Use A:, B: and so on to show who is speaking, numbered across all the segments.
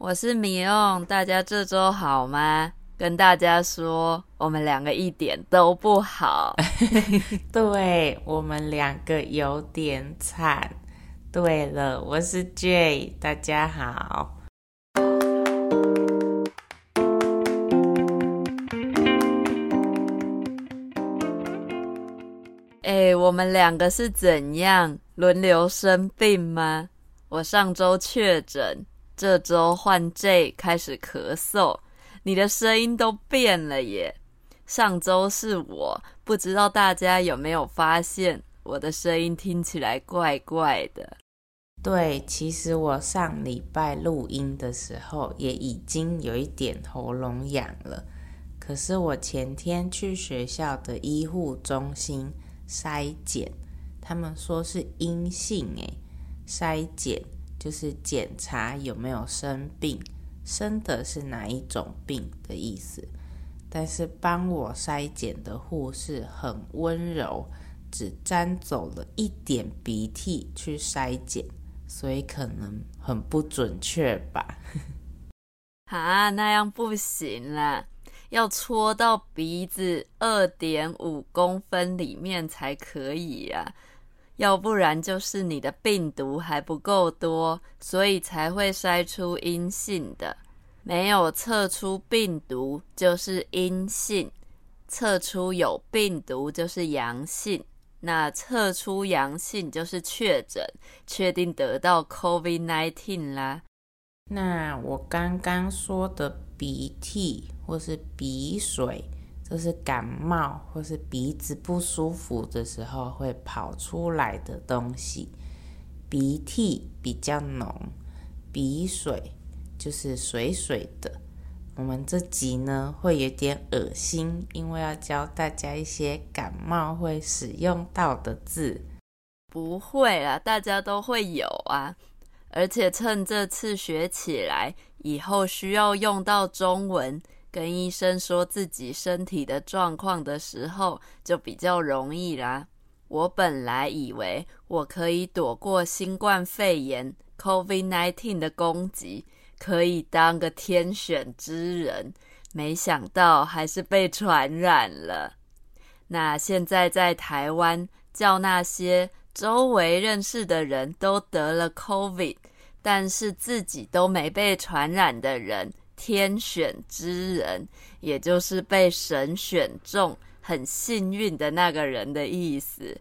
A: 我是米用，大家這週好嗎？跟大家說，我們兩
B: 個一點都不好。 對，我們兩個有點慘。對了，我是 Jay，大家好。
A: 哎，我們兩個是怎樣輪流生病嗎？我上週確診。這周換 J 開始咳嗽，你的聲音都變了耶。上周是我，不知道大家有沒有發現我的聲音聽起來怪怪的？
B: 對，其實我上禮拜錄音的時候也已經有一點喉嚨癢了，可是我前天去學校的醫護中心篩檢，他們說是陰性哎。篩檢，就是檢查有沒有生病，生的是哪一種病的意思。但是幫我篩檢的護士很溫柔，只沾走了一點鼻涕去篩檢，所以可能很不準確吧。
A: 啊，那樣不行啦，要戳到鼻子二點五公分裡面才可以啊。要不然就是你的病毒還不夠多，所以才會篩出陰性的。沒有測出病毒就是陰性，測出有病毒就是陽性。那測出陽性就是確診，確定得到 COVID-19 啦，
B: 那我剛剛說的鼻涕或是鼻水，就是感冒或是鼻子不舒服的時候會跑出來的東西，鼻涕比較濃，鼻水就是水水的。我們這集呢，會有點噁心，因為要教大家一些感冒會使用到的字。不
A: 會啦，大家都會有啊，而且趁這次學起來，以後需要用到中文，跟醫生說自己身體的狀況的時候，就比較容易啦。我本來以為我可以躲過新冠肺炎 （COVID-19） 的攻擊，可以當個天選之人，沒想到還是被傳染了。那現在在台灣，叫那些周圍認識的人都得了 COVID，但是自己都沒被傳染的人。天選之人，也就是被神選
B: 中、很幸運的那個人的意思。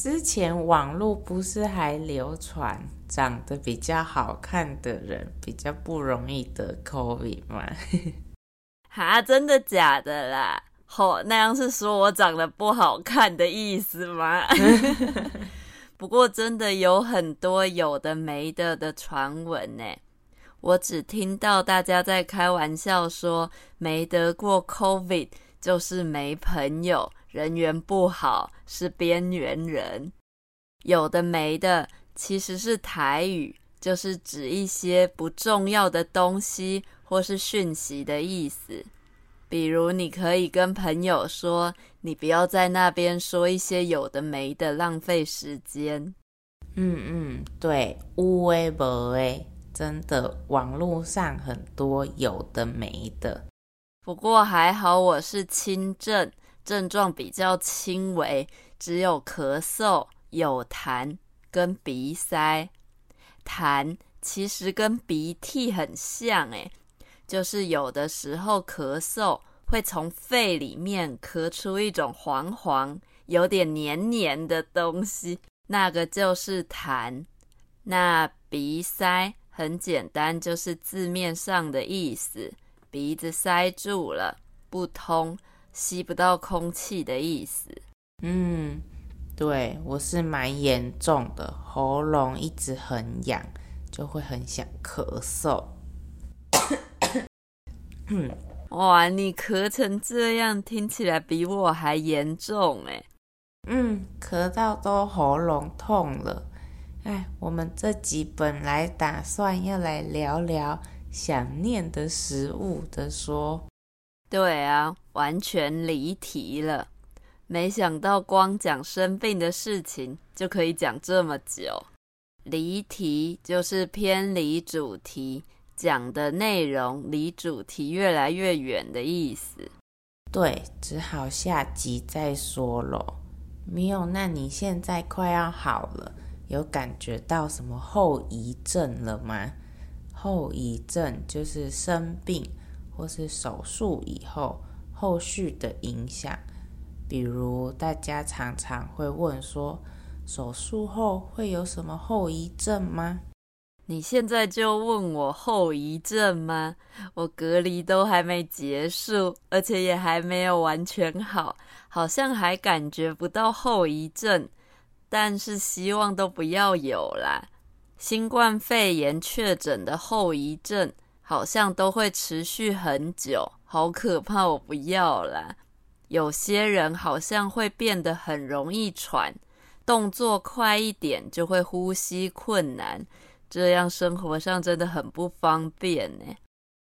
B: 之前網絡不是還流傳長得比較好看的人比較不容易得 COVID 嗎？
A: 哈，真的假的啦？好、哦，那樣是說我長得不好看的意思嗎？ 不過真的有很多有的沒的的傳聞呢。我只聽到大家在開玩笑說沒得過 COVID 就是沒朋友，人緣不好，是邊緣人。有的沒的，其實是台語，就是指一些不重要的東西或是訊息的意思。比如你可以跟朋友說，你不要在那邊說一些有的沒的，浪費時間。
B: 嗯嗯，對，有誒無誒。真的，網路上很多有的沒的。
A: 不過還好，我是輕症，症狀比較輕微，只有咳嗽、有痰跟鼻塞。痰其實跟鼻涕很像，欸，哎，就是有的時候咳嗽會從肺裡面咳出一種黃黃、有點黏黏的東西，那個就是痰。那鼻塞。很簡單，就是字面上的意思，鼻子塞住了，不通，吸不到空氣的意思。
B: 嗯，對，我是蠻嚴重的，喉嚨一直很癢，就會很想咳嗽。
A: 咳。嗯，哇，你咳成這樣，聽起來比我還嚴重哎、
B: 欸。嗯，咳到都喉嚨痛了。哎，我們這集本來打算要來聊聊想念的食物的說。
A: 對啊，
B: 完全離
A: 題了。沒想到光講生病的事情就可以講這麼久。離題就是偏離主題，講的內容離主題越來越遠的意思。
B: 對，只好下集再說咯。沒有，那你現在快要好了。有感覺到什麼後遺症了嗎？後遺症就是生病或是手術以後，後續的影響，比如大家常常會問說，手術後會有什麼後遺症嗎？你現在就問我後遺
A: 症嗎？我隔離都還沒結束，而且也還沒有完全好，好像還感覺不到後遺症。但是希望都不要有啦！新冠肺炎確診的後遺症好像都會持續很久，好可怕，我不要啦！有些人好像會變得很容易喘，動作快一點就會呼吸困難，這樣生活上真的很不方便
B: 呢、欸。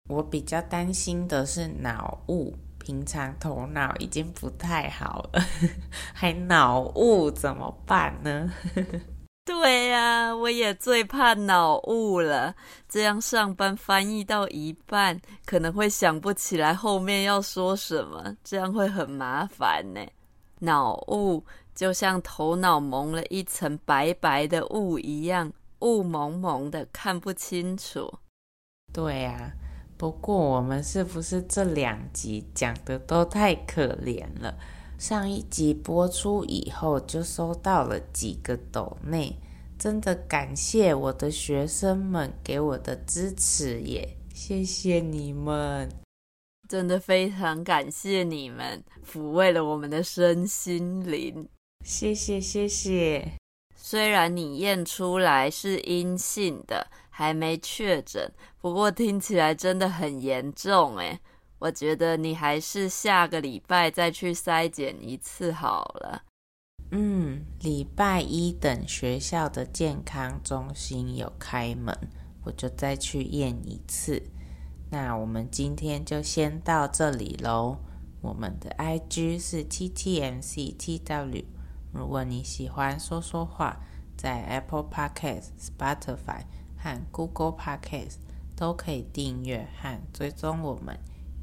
B: 我比較擔心的是腦霧。平常頭腦已經不太好了， 還腦霧怎麼辦呢？
A: 對呀、啊，我也最怕腦霧了。這樣上班翻譯到一半，可能會想不起來後面要說什麼，這樣會很麻煩呢。腦霧就像頭腦蒙了一層白白的霧一樣，霧蒙蒙的看不清楚。
B: 對呀、啊。不過，我們是不是這兩集講的都太可憐了？上一集播出以後，就收到了幾個抖內，真的感謝我的學生們給我的支持耶，謝謝你們，
A: 真的非常感謝你們，撫慰了我們的身心靈，謝謝謝謝。謝謝，雖然你驗出來是陰性的。還沒確診，不過聽起來真的很嚴重哎。我覺得你還是下個禮拜再去篩檢一次好
B: 了。嗯，禮拜一等學校的健康中心有開門，我就再去驗一次。那我們今天就先到這裡嘍。我們的 IG 是 TTMCTW，如果你喜歡說說話，在 Apple Podcast、Spotify。和 Google Podcast 都可以訂閱和追蹤我們，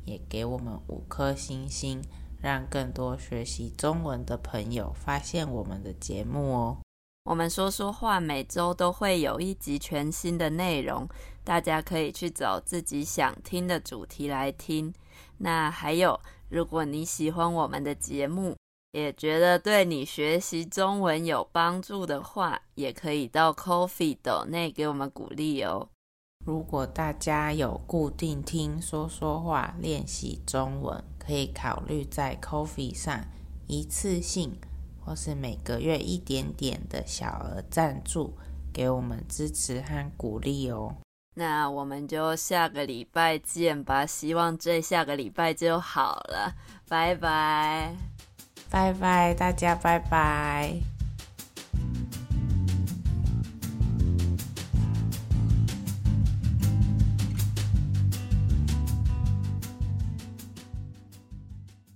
B: 也給我們五顆星星，讓更多學習中文的朋友發現我們的節目哦。我們說
A: 說話，每周都會有一集全新的內容，大家可以去找自己想聽的主題來聽。那還有，如果你喜歡我們的節目，也覺得對你學習中文有幫助的話，也可以到 Ko-fi 斗內給我們鼓勵哦。
B: 如果大家有固定聽說說話練習中文，可以考慮在 Ko-fi 上一次性或是每個月一點點的小額贊助，給我們支持和鼓勵哦。
A: 那我們就下個禮拜見吧，希望這下個禮拜就好了。拜拜。
B: 拜拜，大家拜拜。